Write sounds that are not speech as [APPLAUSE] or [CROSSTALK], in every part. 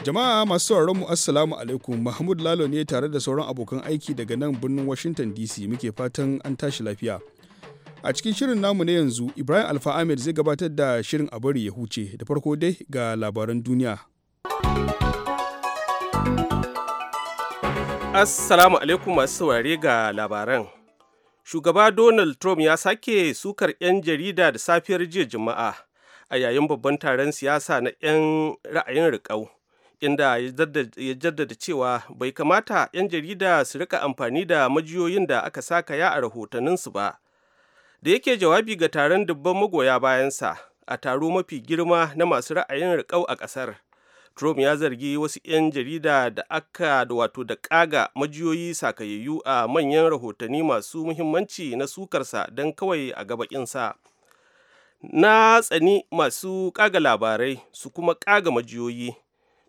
Jama'a masu sauraron mu Assalamu alaikum Mahmud Lalo ne tare da sauran abokan aiki daga nan birnin Washington DC muke fatan an tashi lafiya. A cikin shirin namu na yanzu Ibrahim Alfa Ahmed zai gabatar da shirin a bari ya huce da farko dai ga labaran duniya. Assalamu alaikum masu saurare ga labaran. Shugaba Donald Trump ya sake sukar 'yan jarida da safiyar jiya Juma'a a yayin babban taron siyasa na 'yan ra'ayin riƙau. inda ya jaddada cewa bai kamata 'yan jarida su rika amfani da majiyoyin da aka sakaya a rahotanninsu ba da yake jawabi ga taron dubban magoya bayansa a taro mafi girma na masu ra'ayin riƙau a ƙasar trump ya zargi wasu 'yan jarida da aka da wato da ƙaga majiyoyi sakayayyu a manyan rahotanni masu muhimmanci na sukarsa don kawai a sa na tsani masu ƙaga labarai su kuma ƙaga majiyoyi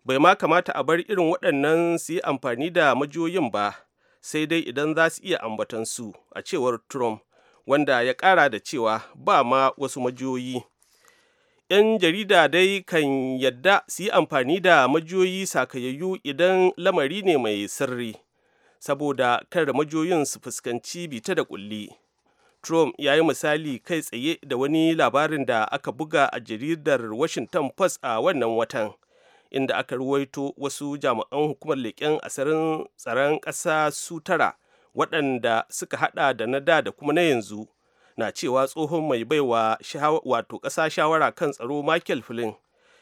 bai ma kamata a bar irin waɗannan su yi amfani da majiyoyin ba sai dai idan za su iya ambatan su a cewar trump wanda ya ƙara da cewa ba ma wasu majiyoyi 'yan jarida dai kan yadda su yi amfani da majiyoyi sakayayyu idan lamari ne mai sirri saboda kar majiyoyin su fuskanci bita da kulli trump ya yi misali kai tsaye da wani labarin da aka buga a jaridar washington post a wannan watan inda aka ruwaito wasu jami'an hukumar leƙen asirin tsaron ƙasa su tara waɗanda suka haɗa da na da da kuma na yanzu na cewa tsohon mai baiwa wato ƙasa shawara kan tsaro michael flynn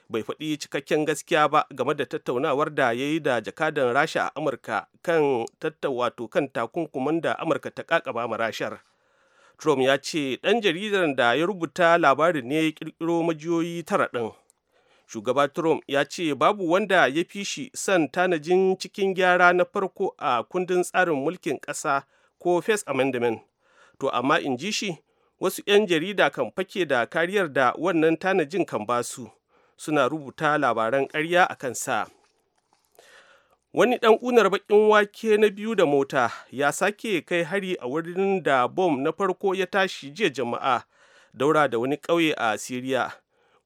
bai faɗi cikakken gaskiya ba game da tattaunawar da ya yi da jakadan rasha a amurka kan wato kan takunkuman da amurka ta kakaba ma rashar trump ya ce ɗan jaridar da ya rubuta labarin ne ya ƙirƙiro majiyoyi tara ɗin shugaba trump ya ce babu wanda ya fi shi son tanajin cikin gyara na farko a kundin tsarin mulkin ƙasa ko first amendment to amma in ji shi wasu 'yan jarida kan fake da kariyar da wannan tanajin kan basu suna rubuta labaran ƙarya a kansa wani ɗan ƙunar baƙin wake na biyu da mota ya sake kai hari a wurin da bom na farko ya tashi jiya jama'a daura da wani ƙauye a siriya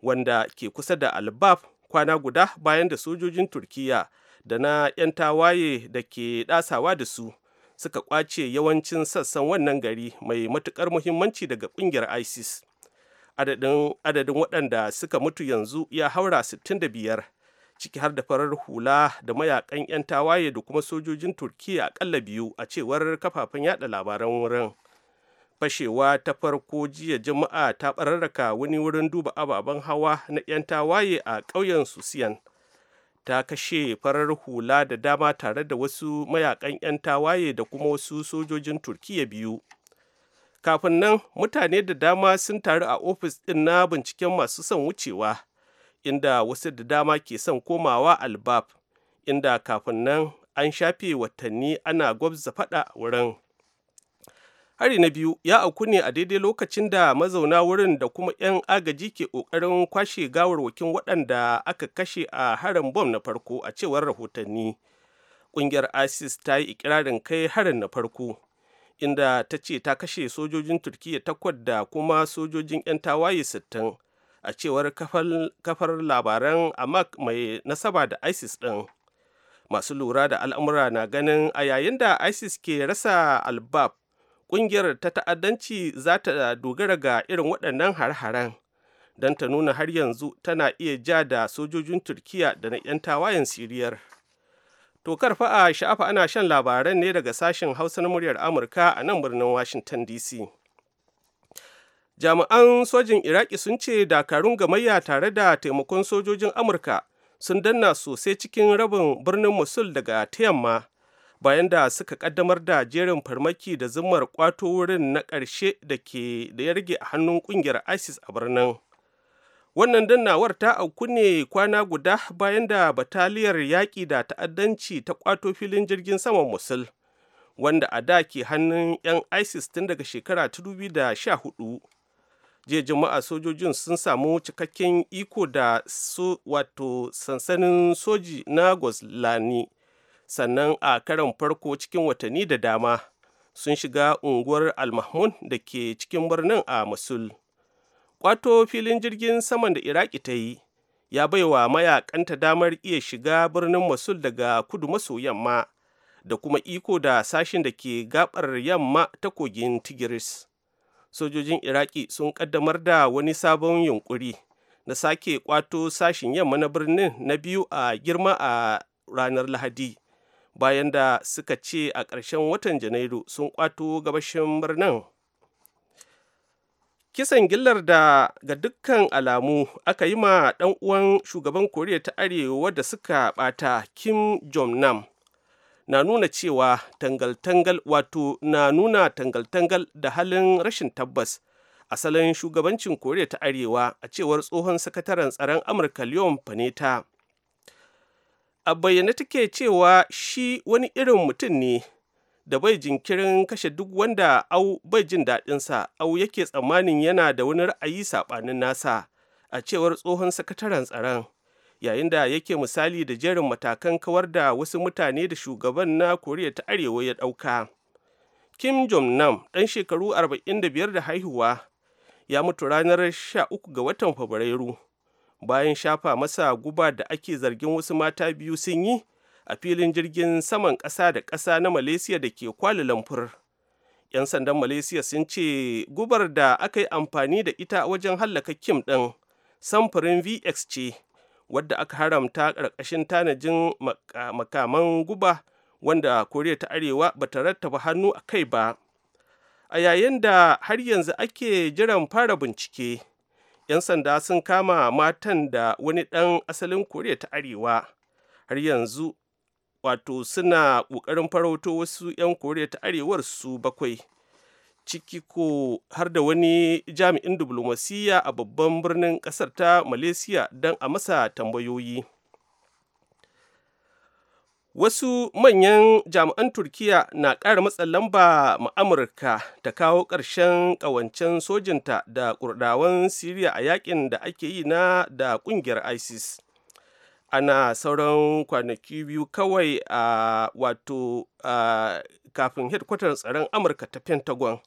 wanda ke kusa da albab kwana guda bayan da sojojin turkiya da na 'yan tawaye da ke ɗasawa da su suka kwace yawancin sassan wannan gari mai matukar muhimmanci daga kungiyar isis adadin waɗanda suka mutu yanzu ya haura 65 ciki har da farar hula da mayakan 'yan tawaye da kuma sojojin turkiya akalla biyu a cewar kafafen yada labaran wurin fashewa ta farko jiya jama'a ta bararraka wani wurin duba ababen hawa na 'yan tawaye a ƙauyen susiyan ta kashe farar hula da dama tare da wasu mayakan 'yan tawaye da kuma wasu sojojin turkiya biyu kafin nan mutane da dama sun taru a ofis ɗin na binciken masu son wucewa inda wasu da dama ke son komawa albab inda kafin nan an shafe watanni ana gwabza faɗa wurin hari na biyu ya auku ne a daidai lokacin da mazauna wurin da kuma 'yan agaji ke ƙoƙarin kwashe gawarwakin waɗanda aka kashe a harin bom na farko a cewar rahotanni ƙungiyar isis ta yi ikirarin kai harin na farko inda ta ce ta kashe sojojin turkiyya takwas da kuma sojojin 'yan tawaye sittin a cewar kafar labaran amak mai nasaba da isis ɗin masu lura da al'amura na ganin a yayin da isis ke rasa albab ƙungiyar ta ta'addanci za ta dogara ga irin waɗannan har-haren don ta nuna har yanzu tana iya ja da sojojin turkiya da na 'yan tawayen siriyar to karfa a sha'afa ana shan labaran ne daga sashen hausa na muryar amurka a nan birnin washington dc jami'an sojin iraki sun ce dakarun gamayya tare da taimakon sojojin amurka sun danna sosai cikin rabin birnin musul daga ta yamma bayan da suka kaddamar da jerin farmaki da zumar kwato wurin na ƙarshe da ke da ya rage a hannun ƙungiyar isis a birnin wannan dannawar ta auku ne kwana guda bayan da bataliyar yaƙi da ta'addanci ta kwato filin jirgin saman musul wanda a da ke hannun 'yan isis tun daga shekara ta 2014 jiya juma'a sojojin sun samu cikakken iko da su wato sansanin soji na gozlani sannan a karon farko cikin watanni da dama sun shiga unguwar almahmun da ke cikin birnin a musul kwato filin jirgin saman da iraki ta yi ya baiwa mayakanta damar iya shiga birnin masul daga kudu maso yamma da kuma iko da sashin da ke gabar yamma ta kogin tigris sojojin iraki sun kaddamar da wani sabon yunkuri na sake kwato sashin yamma na birnin na biyu a girma a ranar lahadi bayan da suka ce a ƙarshen watan janairu sun kwato gabashin birnin kisan gillar da ga dukkan alamu aka yi ma ɗan uwan shugaban koriya ta arewa da suka ɓata kim jong nam na nuna cewa tangal-tangal wato na nuna tangal-tangal da halin rashin tabbas asalin shugabancin koriya ta arewa a cewar tsohon sakataren tsaron amurka leon paneta a bayyane take cewa shi wani irin mutum ne da bai jinkirin kashe duk wanda au bai jin daɗinsa au yake tsammanin yana da wani ra'ayi saɓanin nasa a cewar tsohon sakataren tsaron yayin da yake misali da jerin matakan kawar da wasu mutane da shugaban na koriya ta arewa ya ɗauka kim jong nam ɗan shekaru 45 da haihuwa ya mutu ranar 13 ga watan fabrairu bayan shafa masa guba da ake zargin wasu mata biyu sun yi a filin jirgin saman ƙasa da ƙasa na malaysia da ke kwali lamfur 'yan sandan malaysia sun ce gubar da aka yi amfani da ita wajen hallaka kim ɗin samfurin vx ce wadda aka haramta ƙarƙashin tanajin makaman guba wanda koriya ta arewa ba ta rattaba hannu a kai ba a yayin da har yanzu ake jiran fara bincike 'yan sanda sun kama matan da wani ɗan asalin koriya ta arewa har yanzu wato suna ƙoƙarin farauto wasu 'yan koriya ta arewar su bakwai ciki ko har da wani jami'in diplomasiyya a babban birnin ƙasar ta malaysia don a masa tambayoyi wasu manyan jami'an turkiya na ƙara matsa lamba ma amurka ta kawo ƙarshen ƙawancen sojinta da kurdawan siriya a yaƙin da ake yi na da ƙungiyar isis ana sauran kwanaki biyu kawai a wato kafin hedkwatar tsaron amurka ta pentagon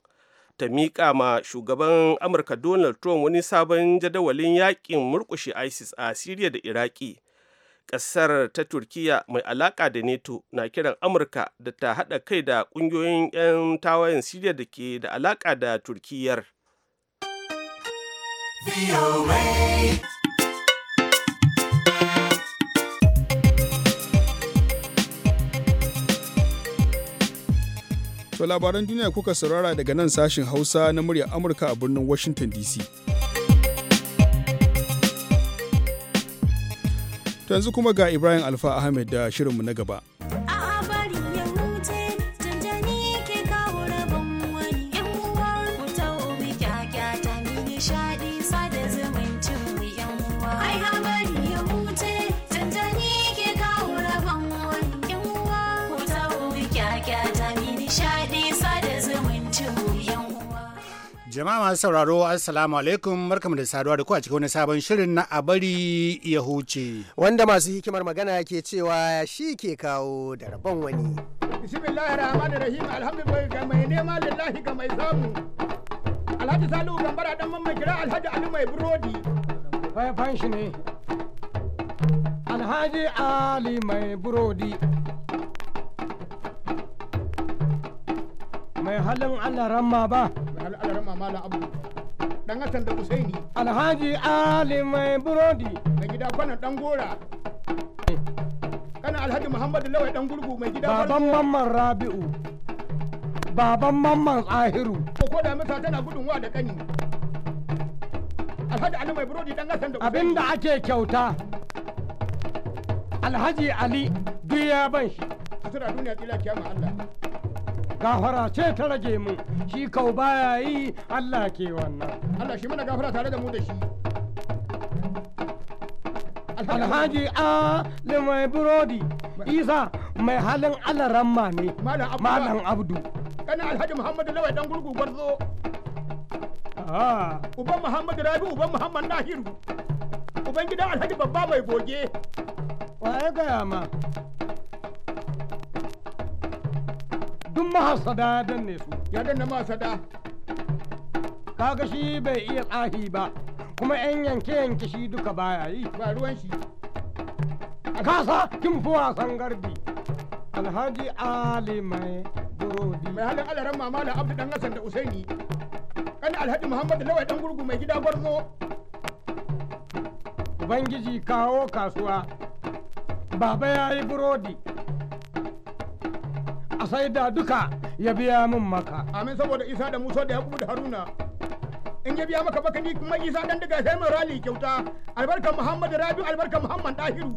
ta miƙa ma shugaban amurka donald trump wani sabon jadawalin yaƙin murƙushe isis a siriya da iraki ƙasar ta turkiya mai alaƙa da neto na kiran amurka da ta haɗa kai da ƙungiyoyin 'yan tawayen siriya da ke da alaƙa da turkiyar To labaran duniya kuka saurara daga nan sashin Hausa na muryar Amurka a birnin Washington DC. yanzu kuma ga Ibrahim Alfa Ahmed da shirinmu na gaba. Jama'a masu sauraro Assalamu alaikum barkamu da saduwa da ku a cikin wani sabon shirin na a bari ya huce. Wanda masu hikimar magana ke cewa shi ke kawo da rabon wani. Bismillahir Rahmanir Rahim alhamdulillah ga mai nema lillahi ga mai samu. Alhaji Salihu Gambara dan mamman kira Alhaji Ali mai burodi. Faifan shi ne. Alhaji Ali mai burodi. Mai halin Allah ramma ba. alaran mamala abu dan da husaini alhaji ali mai burodi da gida kwana dan gora kana alhaji muhammadu lawai dan gurgu mai gida baban mamman rabi'u baban mamman tsahiru ko da tana gudunwa da kani alhaji ali mai burodi dan da abinda ake kyauta alhaji ali duk ya ban shi a tura duniya kila kiyama allah gafara ce ta rage mu shi kau baya yi Allah ke wannan Allah shi mana gafara tare da mu da shi Alhaji A mai burodi Isa mai halin Allah ramma ne Malam Abdu Kana Alhaji Muhammadu Lawai dan gurgu gwarzo Uban Muhammadu Rabi uban Muhammad Nahiru Uban gidan Alhaji babba mai goge Wa ya gaya ma duk mahasada ya danne su ya danne mahasada kaga shi bai iya tsahi ba kuma yan yanke yanke shi duka baya yi ba ruwan shi a kasa kin fi wasan gardi alhaji ali mai burodi mai halin alaran mama da abdu dan hasan da usaini kan alhaji muhammadu lawai dan gurgu mai gida gwarzo ubangiji kawo kasuwa baba ya yi burodi a sai da duka ya biya min maka amin saboda isa da musa da yakubu da haruna in ya biya maka baka ni kuma isa dan daga sai mun rali kyauta albarka muhammad rabi albarkar muhammad dahiru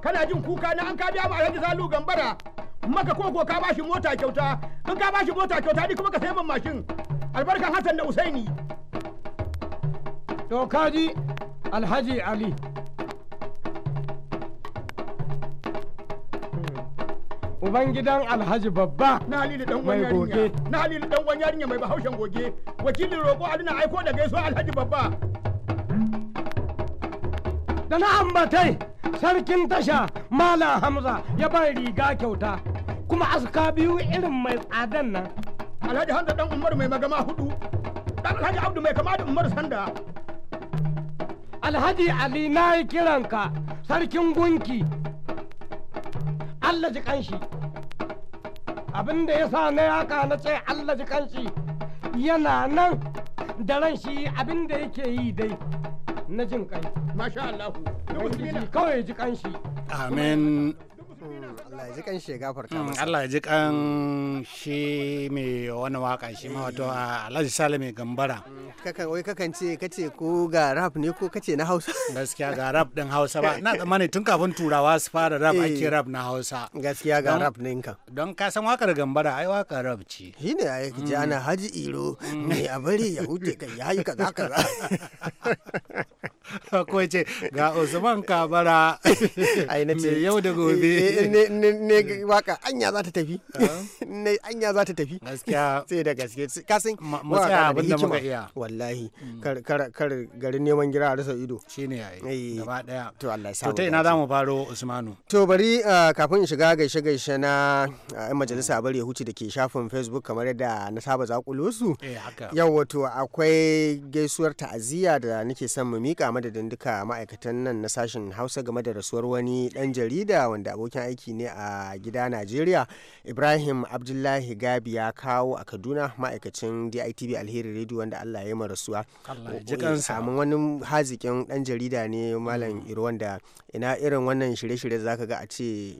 kana jin kuka na an ka biya mu alhaji salu gambara maka koko ka bashi mota kyauta in ka bashi mota kyauta ni kuma ka sai min mashin Albarka hassan da usaini to kaji alhaji ali uban gidan alhaji babba na lili dan wani yarinya na lili dan wani yarinya mai bahaushen goge wakilin roƙo adina aiko da gaisuwa alhaji babba da na ambatai sarkin tasha malam hamza ya ban riga kyauta kuma aska biyu irin mai tsadan nan alhaji hamza dan umar mai magama hudu dan alhaji abdu mai kama da umar sanda alhaji ali na yi kiranka sarkin gunki Allah ji kanshi abin da ya sa na yaka na ce Allah ji kanshi yana nan da ran shi abin da yake yi dai na jin kai masha Allah kawai ji kanshi amen Allah ya ji kan shi gafarta mm, masa Allah ya ji kan shi mai wani waka shi ma wato Alhaji Sale gambara mm, kakan wai kakan ce kace ko ga rap ne ko kace na Hausa [LAUGHS] gaskiya ga rap din Hausa ba na tsammani tun kafin turawa su fara rap eh. ake rap na Hausa gaskiya ga rap kan. don ka san wakar gambara ai waka rap ce ne, ai ji ana mm. Haji Iro ne a bari ya huce kai ya yi kaza kaza [LAUGHS] akwai [LAUGHS] ce ga usman kabara [LAUGHS] ai na ce yau da gobe [LAUGHS] eh, eh, ne waka anya za ta tafi ah. ne anya za ta tafi gaskiya sai da gaske kasin mu tsaya abin da muka iya wallahi hmm. kar kar gari neman gira a rasa ido shine yayi eh. gaba daya to Allah ya sa to ta ina za mu faro usmanu to bari ah, kafin in shiga gaishe gaishe na ah, yan majalisa bari ya huce da ke shafin facebook kamar yadda na saba zakulu su yau wato akwai gaisuwar ta'aziyya da nake son mu mika madadin duka ma'aikatan nan na sashen hausa game da rasuwar wani dan jarida wanda abokin aiki ne a gida najeriya ibrahim abdullahi gabi ya kawo a kaduna ma'aikacin ditv alheri radio wanda allah ya rasuwa eh, samun wani hazikin dan jarida ne malam mm. iro wanda ina irin wannan shirye-shirye ka ga a ce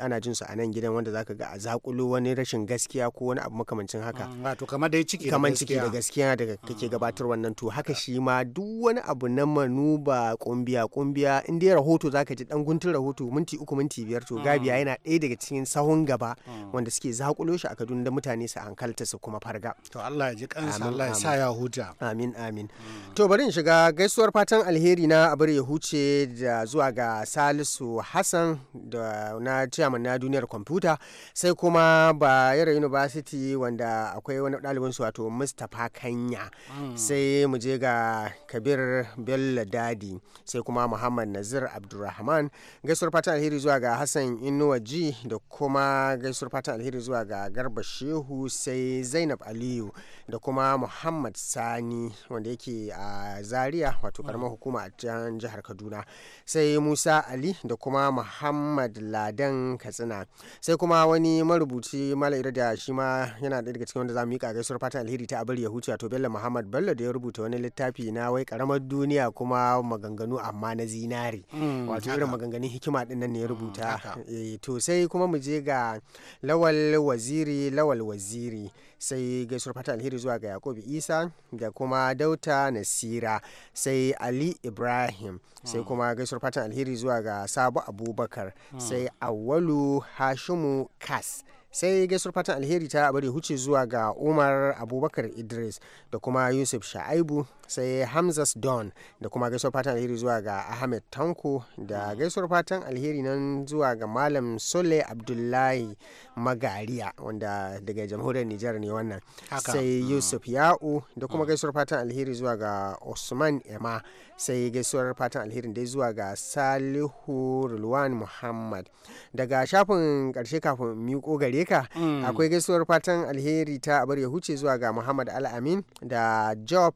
ana jin su a nan gidan wanda ka ga a zakulu wani rashin gaskiya ko wani abu makamancin haka mm, kamar da ciki da gaskiya daga kake mm. gabatar wannan to haka shi ma duk wani abu nan manu ba kumbiya kumbiya in dai rahoto zaka ji dan guntun rahoto minti uku minti biyar to gabiya mm. yana ɗaya daga cikin sahun gaba mm. wanda suke zakulo shi a Kaduna da mutane su hankalta su kuma farga to Allah ya ji kansa Allah ya sa ya huta amin amin mm. to bari in shiga gaisuwar fatan alheri na abar ya huce da zuwa ga Salisu Hassan da na chairman na duniyar kwamfuta sai kuma Bayero University wanda akwai wani ɗalibin su wato Mustapha Kanya sai mu je ga Kabir bel bello dadi sai kuma muhammad nazir abdulrahman gaisuwar fatan alheri zuwa ga hassan inuwa ji da kuma gaisuwar fatan alheri zuwa ga garba shehu sai zainab aliyu da kuma muhammad sani wanda yake a zaria wato karamar hukuma a jihar kaduna sai musa ali da kuma muhammad ladan katsina sai kuma wani marubuci malaira da shi ma yana daga cikin wanda za mu yi gaisuwar fatan alheri ta abar ya to wato bello muhammad bello da ya rubuta wani littafi na wai karamar duniya kuma maganganu amma na zinari mm, wato irin maganganun hikima din nan ne ya rubuta mm, eh, to sai kuma mu je ga lawal waziri lawal waziri sai gaisuwar fata alheri zuwa ga yakubu isa da kuma dauta nasira sai ali ibrahim sai mm. kuma gaisuwar fatan alheri zuwa ga sabu abubakar sai awalu hashimu kas sai gaisuwar fatan alheri ta bari huce zuwa ga umar abubakar idris da kuma yusuf sha'aibu sai hamzas don da kuma gaisuwar fatan alheri zuwa ga ahmed tanko da gaisuwar fatan alheri nan zuwa ga malam sole abdullahi magariya wanda daga jamhuriyar nijar ne wannan sai hmm. yusuf ya'u da kuma hmm. gaisuwar fatan alheri zuwa ga usman ema sai gaisuwar fatan alherin dai zuwa ga salihu rulwan muhammad daga shafin karshe kafin miƙo gari gare ka mm. akwai gaisuwar fatan alheri ta abar ya huce zuwa ga muhammad al'amin da job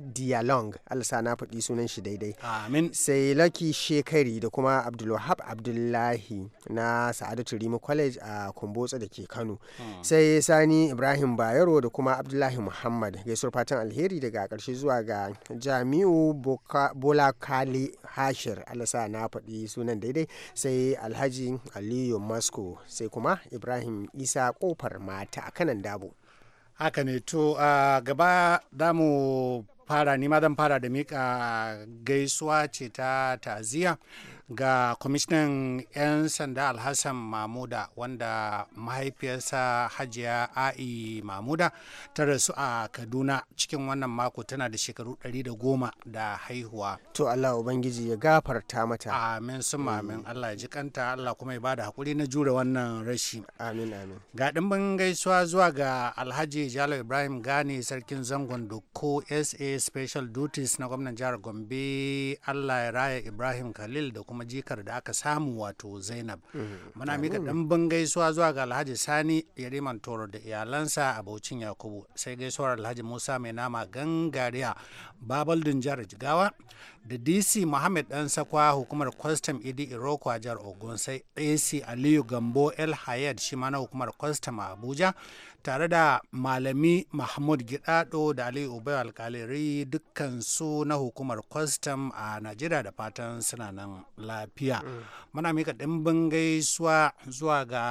dialong alsa na faɗi sunan shi daidai amin sai laki shekari da kuma abdulwahab abdullahi na sa'adatu rimu college a kumbotsa da ke kano hmm. sai sani ibrahim bayero da kuma abdullahi muhammad gaisuwar fatan alheri daga ƙarshe zuwa ga jami'u bola kali hashir alsa na faɗi sunan daidai sai alhaji aliyu masko sai kuma ibrahim isa kofar mata a kanan dabo haka ne to a gaba damu fara nima zan fara da mika gaisuwa ce ta taziya ga kwamishinan 'yan sanda alhassan mamuda wanda mahaifiyarsa hajiya a'i mamuda ta rasu a kaduna cikin wannan mako tana da shekaru 110 da haihuwa to allah ubangiji ya gafarta mata amin sun mm. amin allah ji kanta allah kuma ya bada hakuri na jure wannan rashi amin amin ga dimbin gaisuwa zuwa ga alhaji jalo ibrahim gani sarkin zangon doko sa special duties na gwamnan jihar gombe allah ya raya ibrahim khalil da kuma kuma jikar da aka samu wato zainab mm. muna mika ɗanbin gaisuwa zuwa ga alhaji sani yariman toro da iyalansa a baucin yakubu sai gaisuwar alhaji musa mai nama gangariya babal jihar jigawa da dc muhammad dan sakwa hukumar kwastam idi e iroko a jihar ogun sai ac aliyu gambo el hayad shi ma na hukumar kwastam a abuja tare da malami mahmud gidado da ali ubai alkaliri dukkan su na hukumar kwastam a najeriya da fatan suna nan lafiya mm. muna mika ɗimbin gaisuwa zuwa ga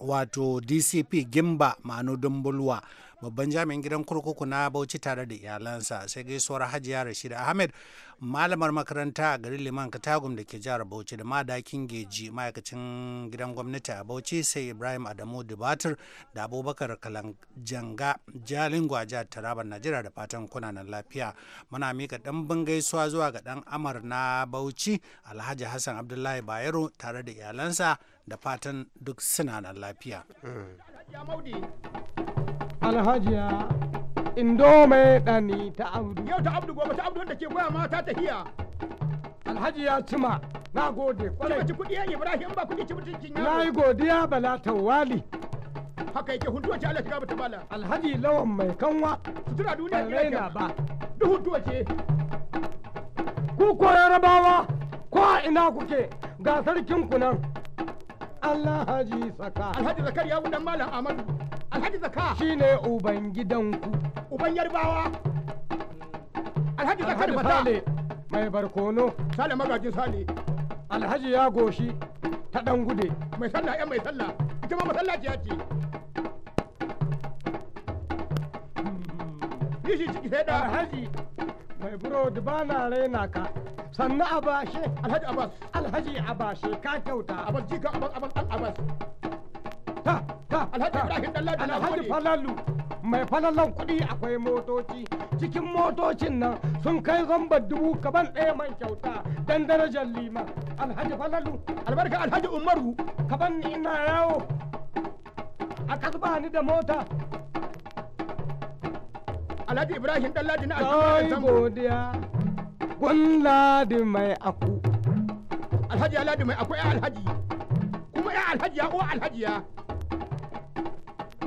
wato dcp gimba manu bulwa. babban jami'in gidan kurkuku na bauchi tare da iyalansa sai gaisuwar hajiya rashid ahmed malamar makaranta a garin liman katagum da ke jihar bauchi da madakin geji ma'aikacin gidan gwamnati a bauchi sai ibrahim adamu dubatar da abubakar kalanjanga jalin gwaja taraba najeriya da fatan kuna kunanan lafiya muna mika ɗan gaisuwa zuwa ga dan amar na bauchi alhaji hassan abdullahi bayero tare da iyalansa da fatan duk suna nan lafiya. Mm. alhajiya indo mai dani ta abdu yau ta abdu gobe ta abdu wanda ke goya mata ta hiya ya cima na gode kwarai ci kudi yan ibrahim ba kudi ci mutuncin yaro na yi godiya bala tawali haka yake huntuwa ce Allah gaba ta bala alhaji lawan mai kanwa sutura duniya ne raina ba duk huntuwa ce ku ko yarabawa ko a ina kuke ga sarkin ku nan alhaji saka alhaji zakariya wudan malam amadu alhaji zaka shine uban gidanku uban yarbawa alhaji zakar fata mai barkono sale magajin sale alhaji ya goshi ta dan gude mai sallah ya mai sallah ita ma ya ce Yishi ciki sai da alhaji mai burodi ba na raina ka sannu abashe alhaji abas alhaji abashe ka kyauta abas jika abas abas abas Ta, alhaji ibrahim dallabi alhaji falalu mai falalan kuɗi akwai motoci cikin motocin nan sun kai zambar dubu kaban ɗaya man kyauta dan darajar lima alhaji falalu albarka alhaji umaru kaban ni ina yawo a kasba ni da mota alhaji ibrahim dallabi na alhaji godiya gwalladi mai aku alhaji alhaji mai aku ya alhaji kuma ya alhaji ya ko alhaji ya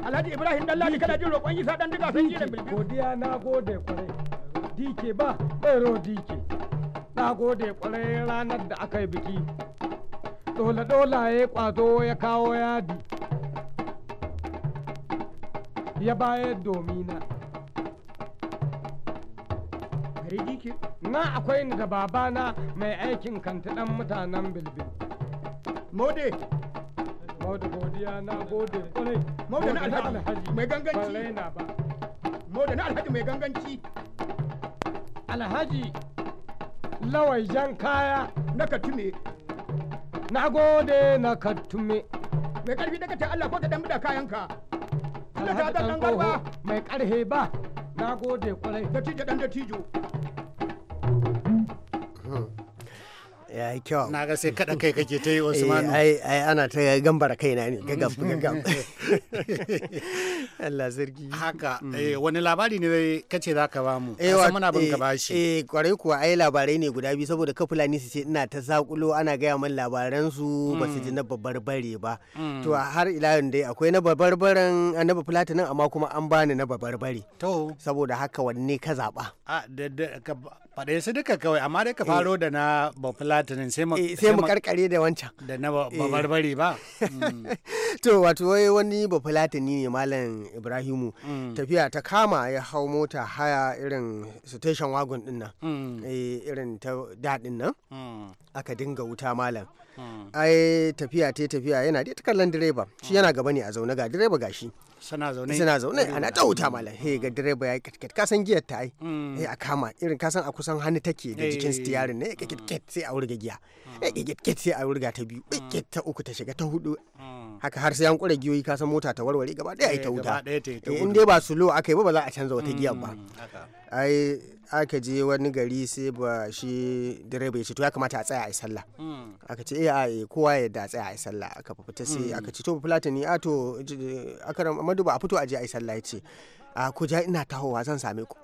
Alhaji Ibrahim Dallali kana jin roƙon Isa dan duka san jiran bilbil. Godiya na gode kwarai. Dike ba ɗero dike. Na gode kwarai ranar da aka yi biki. dole dola ya kwazo ya kawo yadi. Ya bayar domina. Gari dike. Na akwai ni da babana mai aikin kanti ɗan mutanen bilbil. Mode. Maudu godiya na gode kwarai. Maudu alhaji mai ganganci. Ba na alhaji mai ganganci. Alhaji lawai jan kaya. Na katume. Na gode na katume. Mai karfi daga ta Allah ko ta dan da kayanka. Alhaji ta dan Mai karhe ba. Na gode kwarai. Da tijo dan da tijo. ya yi kyau na ga sai kada kai kake ta yi [LAUGHS] eh, usmanu ai ai ana ta gambara kaina ne gagam mm. gagam [LAUGHS] Allah sarki haka mm. eh, wani labari ne zai kace zaka ba mu eh, A muna bin ka bashi eh kwarai kuwa ai labarai ne guda biyu saboda ka fulani su ce ina ta zakulo ana gaya min labaran su ba su ji mm. na babbar ba to har ila yau dai akwai na babbar baren na platinin amma kuma an bani na babbar bare to saboda haka wanne ka zaba a da faɗe su duka kawai amma dai ka eh. faro da na bafulatinin eh, sai mu karkare da wancan da na babarbari ba eh. mm. [LAUGHS] to wato wai wani bafulatini ne malam ibrahimu mm. tafiya ta kama ya hau mota haya irin station wagon din nan mm. irin ta daɗin nan aka dinga wuta malam ai tafiya te tafiya yana dai ta kallon direba shi yana gaba ne a zaune ga direba gashi sana zaune suna zaune ana ta wuta mala he ga direba ya kitket ka san giyar ta ai eh a kama irin ka san a kusan hannu take da jikin eh. steering ne kitkit sai a wurga giya mm. kitkit sai a wurga ta biyu mm. kitket ta uku ta shiga ta hudu haka har sai an kure giyoyi ka san mota ta warware gaba daya ta eh, wuta eh, in dai ba slow aka yi ba ba za a canza wata giya ba mm, ai aka je wani gari sai ba shi direba ya ce to ya kamata a tsaya a sallah mm. aka ce eh eh kowa ya da tsaya a sallah aka fita sai mm. aka ce to fulata ni a ah, to akaram amadu ba a fito a je a sallah ya ce a ku ja ina tahowa zan same ku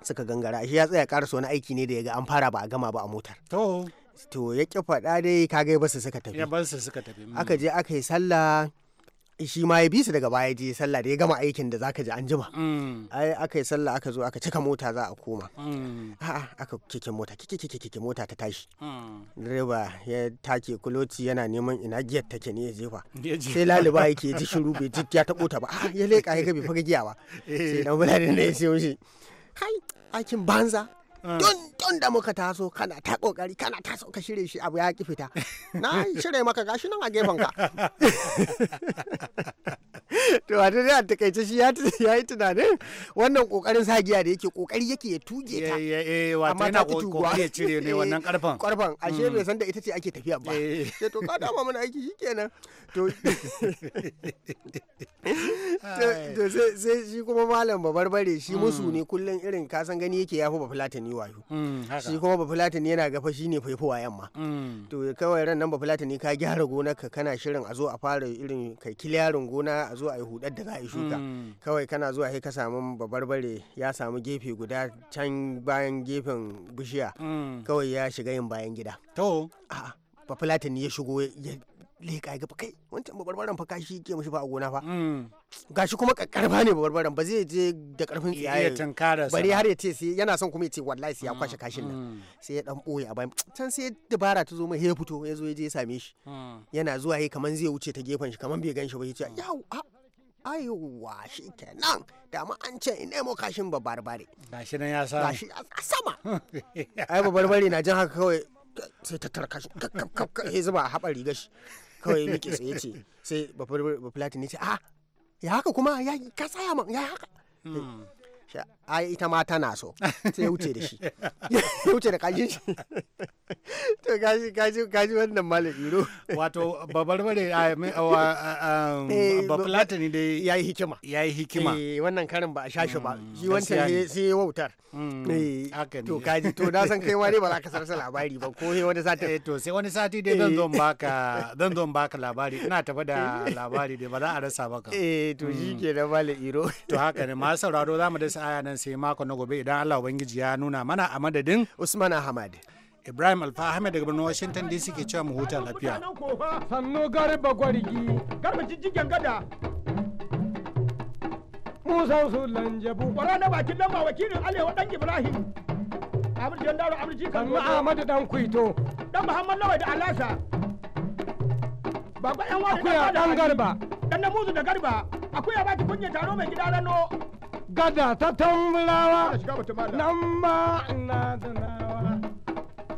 suka gangara shi ya tsaya karasa wani aiki ne da ya ga an fara ba a gama ba a motar to ya ƙi faɗa dai kaga su suka tafi ya suka tafi mm. aka je aka yi sallah shi ma ya bi su daga baya je sallah da ya gama aikin da zaka ji an jima mm. ai aka yi sallah aka zo aka cika mota za a koma mm. a'a aka kike mota kike kike kike mota ta tashi direba ya take kuloci yana neman ina giyar take ne ya jefa sai laliba yake ji shiru bai ji ya tabo ta ba ya leka ya ga bai faga giya ba eh. sai na bulanin da ya siyo shi hai aikin banza Don ah. don da muka taso kana ta kokari kana ta so ka shirye shi abu ya ki fita na shirye maka gashi nan a gefen ka [LAUGHS] to a dai a takaice shi ya yi tunanin wannan kokarin sagiya da yake kokari yake ya tuge ta eh, eh, eh, amma ta ki tuguwa ya cire ne wannan karfan [LAUGHS] karfan ashe bai mm. san da ita ce ake tafiya ba sai to ka dama mana aiki shikenan to [LAUGHS] to sai shi kuma malam babarbare shi mm. musu ne kullun irin ka san gani yake yafi ba fulatani wayo mm, shi kuma ba yana gafa shi ne faifowa yamma mm. to kawai ran nan ba ne ka gyara gona ka kana shirin a zo a fara irin kai kiliyarin gona a zo a yi hudar da za a yi shuka mm. kawai kana zuwa sai ka samu babarbare ya samu gefe guda can bayan gefen bishiya kawai ya shiga yin bayan gida to ba fulatani ya shigo leƙa ya gaba kai wancan babarbaran fa kashi ke mishi fa a gona fa mm. gashi kuma karfa ne babarbaran ba zai je da karfin tsiyaye bari har ya ce sai yana son kuma ya ce wallahi sai ya kwashe mm, kashin nan mm. sai ya dan boye a bayan can sai dabara ta zo mai ya fito ya zo ya je ya same shi yana zuwa yayi kaman zai wuce ta gefen shi kaman bai gan shi ba ya ce yawo aiwa shi kenan da ma an ce ina mo kashin ba barbare gashi nan ya sa gashi a sama [LAUGHS] ai ba na jin haka kawai sai tattara kashin ya zuba a haɓar rigar shi kawai miki sai ce sai ya ce ah ya haka kuma ya yi tsaya ya haka hmm. ai ita ma tana so [LAUGHS] sai wuce da shi ya wuce da kashin shi to gaji gaji gaji wannan malam iro wato babarbare um, eh, bafulata ne dai ya yi hikima ya yi hikima eh, wannan karin ba a sha ba mm, shi wancan sai ya wautar mm, eh, to kaji to na san kai ma ba za ka sarsa labari ba ko wani sati to sai wani sati dai zan zo baka zan zo baka labari ina tafa da labari dai ba za a rasa ka eh to shi mm. ke da malam iro to haka ne masu sauraro za mu da sa'a nan nan sai mako na gobe idan Allah Ubangiji ya nuna mana a madadin Usman Ahmad. Ibrahim Alfa Ahmed daga birnin Washington DC ke cewa mu huta lafiya. Sannu garba gwarigi, garba jijjigen gada. Musa su lanjabu, kwara na bakin lamba wakilin Alewa dan Ibrahim. Abin jan daro abin jikan. Sannu Ahmad dan Kuito. Dan Muhammad Lawai da Alasa. Baba yan wani dan garba. Dan namuzu da garba. Akuya ba ki kunye taro mai gida rano. gada ta tambulawa nan ma ina zanawa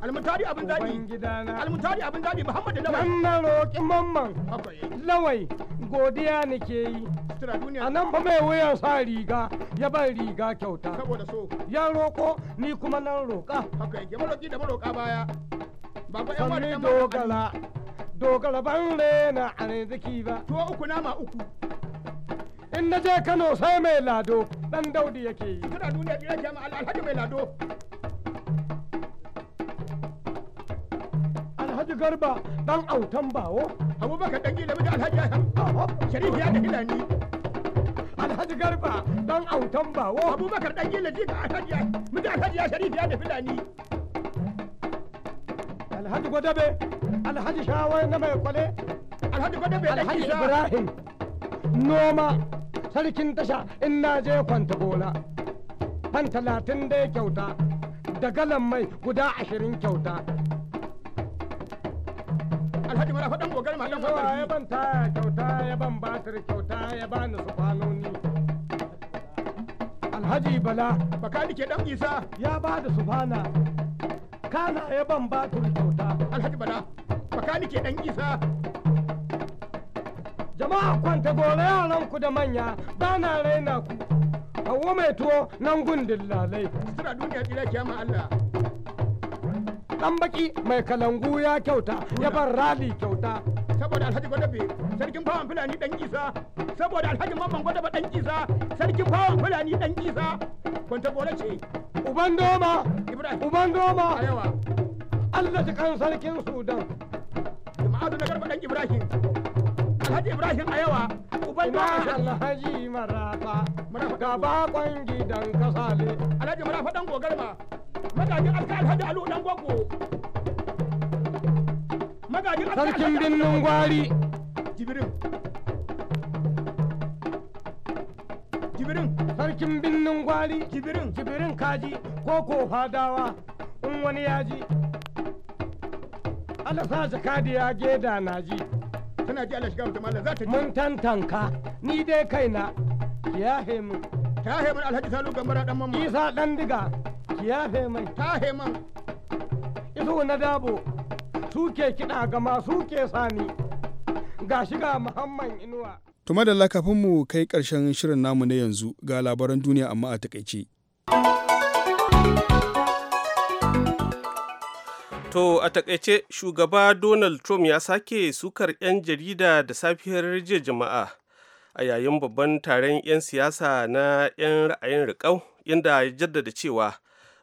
almutari abin daɗi almutari abin daɗi muhammadu lawai nan na roƙi mamman lawai godiya ke yi a nan fa mai wuyan sa riga ya ban riga kyauta ya roƙo ni kuma nan roƙa sanni dogara dogala ban rena arziki ba tuwa uku nama uku na je Kano sai mai lado dan Daudi yake yi kada duniya ki yake ma Alhaji mai lado Alhaji Garba dan autan bawo Abubakar dan gila miji Alhaji Hassan Sharif ya da Hilani Alhaji Garba dan autan bawo Abubakar dan da ji ga Alhaji miji Alhaji Sharif ya da Hilani Alhaji Gwadabe Alhaji Shawai na mai kwale Alhaji Gwadabe Alhaji Ibrahim noma sarkin tasha in na je kwanta bola fan talatin dai kyauta da galan mai guda ashirin kyauta alhaji mara faɗan gogar malam fatar ya ban taya kyauta ya ban batir kyauta ya bani su kwanoni alhaji bala baka nike dan isa ya ba da su kana ya ban batir kyauta alhaji bala baka nike dan isa jama'a kwanta gore yaran ku da manya ba na raina ku hawo mai tuwo nan gundin lalai sutura duniya tsira kiyama Allah dan baki mai kalangu ya kyauta ya bar rali kyauta saboda alhaji gwadabe sarkin fawon fulani dan isa saboda alhaji mamman gwadabe dan isa sarkin fawon fulani dan isa kwanta gore ce uban doma uban doma Allah ta kan sarkin sudan Jama'a na garba dan Ibrahim alhaji Ibrahim a yawa, uban na Alhaji Marafa, ga bakon gidan kasale. Alhaji Marafa dan gogarma, magajin alka Alhaji Alu dan gogo. Magajin alka Sarkin binnin gwari. Jibirin. Jibirin. Sarkin binnin gwari. Jibirin. Jibirin kaji, koko fadawa, in wani yaji. Allah sa ya geda na ji. kana ji Allah za ta ji mun tantanka ni dai kaina ya hemu ta hemu alhaji salu gambara dan mamma isa dan diga ya hemu ta hemu isu na dabo suke kiɗa gama suke sani ga shiga muhammad inuwa tuma da kafin mu kai ƙarshen shirin namu na yanzu ga labaran duniya amma a takaice. To a takaice shugaba Donald Trump ya sake sukar 'yan jarida da safiyar jiya jama'a a yayin babban taron 'yan siyasa na 'yan ra'ayin riƙau inda ya jaddada cewa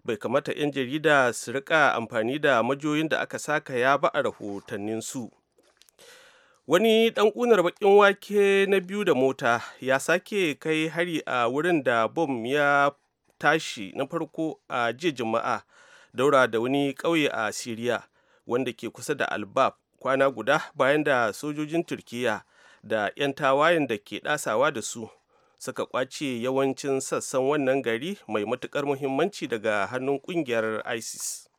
bai kamata 'yan jarida su riƙa amfani da majoyin da aka saka ya ba a rahotannin su Wani ɗan ƙunar baƙin wake na biyu da mota ya sake kai hari a wurin da bom ya tashi na farko a jiya jama'a. daura da wani ƙauye a siriya wanda ke kusa da albab kwana guda bayan da sojojin turkiya da 'yan tawayen da ke ɗasawa da su suka kwace yawancin sassan wannan gari mai matukar muhimmanci daga hannun ƙungiyar isis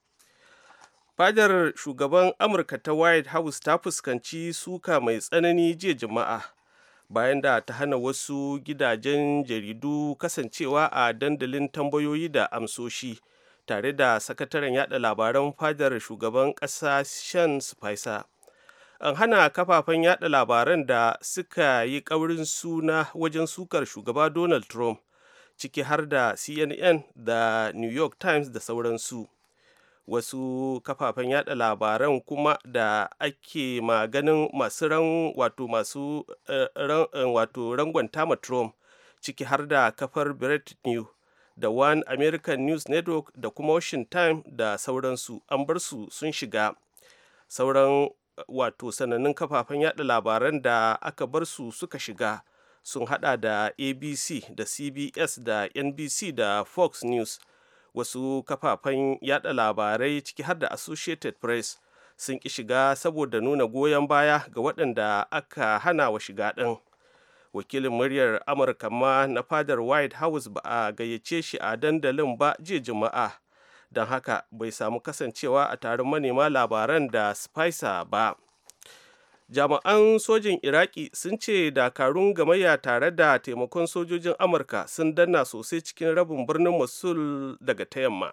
fadar shugaban amurka ta white house ta fuskanci suka mai tsanani jiya jama'a bayan da ta hana wasu gidajen jaridu kasancewa a dandalin tambayoyi da amsoshi tare da sakataren yada labaran fadar shugaban ƙasa shan spisa an hana kafafen yada labaran da suka yi ƙaurin suna wajen sukar shugaba donald trump ciki har da cnn da new york times da sauransu wasu kafafen yada labaran kuma da ake maganin masu ran wato masu uh, rangwanta ma trump ciki har da kafar Bret New da one american news network da kuma washington time da sauransu an bar su sun shiga sauran wato sanannun kafafen yada labaran da aka bar su suka shiga sun hada da abc da cbs da nbc da fox news wasu kafafen yada labarai ciki har da associated press sun ki shiga saboda nuna goyon baya ga waɗanda aka hana wa shiga ɗin wakilin muryar amurka ma na fadar white house ba a gayyace shi a dandalin ba jiya juma'a don haka bai samu kasancewa a taron manema labaran da spicer ba jami'an sojin iraki sun ce dakarun gamayya tare da taimakon sojojin amurka sun danna sosai cikin rabin birnin mosul daga ta yamma